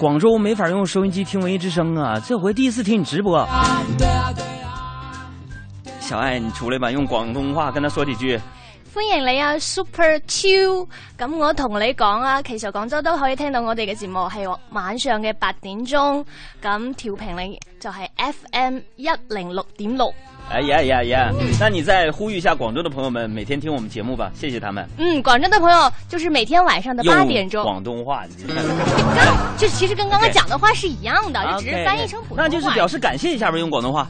廣州沒法用收音機聽文藝之聲啊！這回第一次聽你直播，啊啊啊啊、小愛，你出來吧，用廣東話跟他說幾句。歡迎你啊，Super Two！咁我同你講啊，其實廣州都可以聽到我哋嘅節目，係晚上嘅八點鐘，咁調頻你就係 FM 一零六點六。哎呀呀呀！那你再呼籲一下廣州的朋友們，每天聽我們節目吧，謝謝他們。嗯，廣州的朋友就是每天晚上的八點鐘。廣東話，你 剛就其實跟剛剛講的話是一樣的，okay. 就只是翻譯成普通話。Okay, okay. 那就是表示感謝一下唄，用廣東話。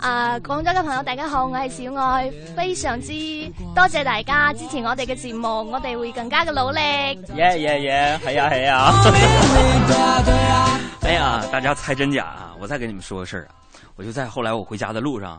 啊、uh,，廣州的朋友大家好，我是小愛，非常之多謝大家支持我哋嘅節目，我哋會更加嘅努力。耶耶耶，係呀係呀，哎呀，大家猜真，真假啊！我再跟你們說個事兒啊，我就在後來我回家的路上。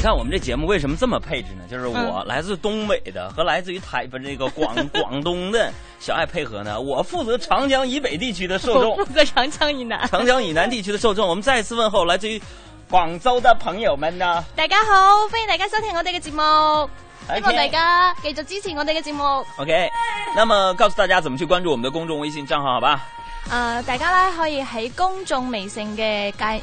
你看我們這節目為什麼這麼配置呢？就是我來自東北的和來自於台北這個廣廣東的小愛配合呢。我負責長江以北地區的受眾，負責長江以南長江以南地區的受眾。我們再一次問候來自於廣州的朋友們呢。大家好，歡迎大家收聽我哋嘅節目，okay. 希望大家繼續支持我哋嘅節目。OK，那麼告訴大家怎麼去關注我們的公眾微信賬號，好吧？呃，大家呢可以喺公眾微信嘅界。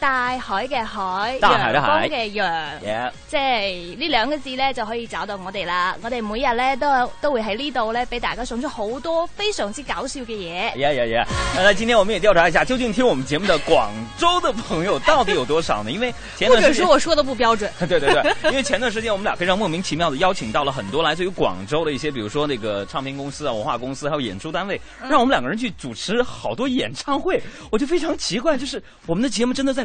大海嘅海，陽光嘅陽，yeah. 即係呢兩個字咧就可以找到我哋啦。我哋每日咧都都會喺呢度咧俾大家送出好多非常之搞笑嘅嘢。呀呀呀！那今天我們也調查一下，究竟聽我們節目的廣州的朋友到底有多少呢？因為前段時間，或者是我說的不標準。 對對對，因為前段時間我們倆非常莫名其妙的邀請到了很多來自於廣州的一些，比如說那個唱片公司啊、文化公司，還有演出單位，讓我們兩個人去主持好多演唱會。嗯、我就非常奇怪，就是我們的節目真的在。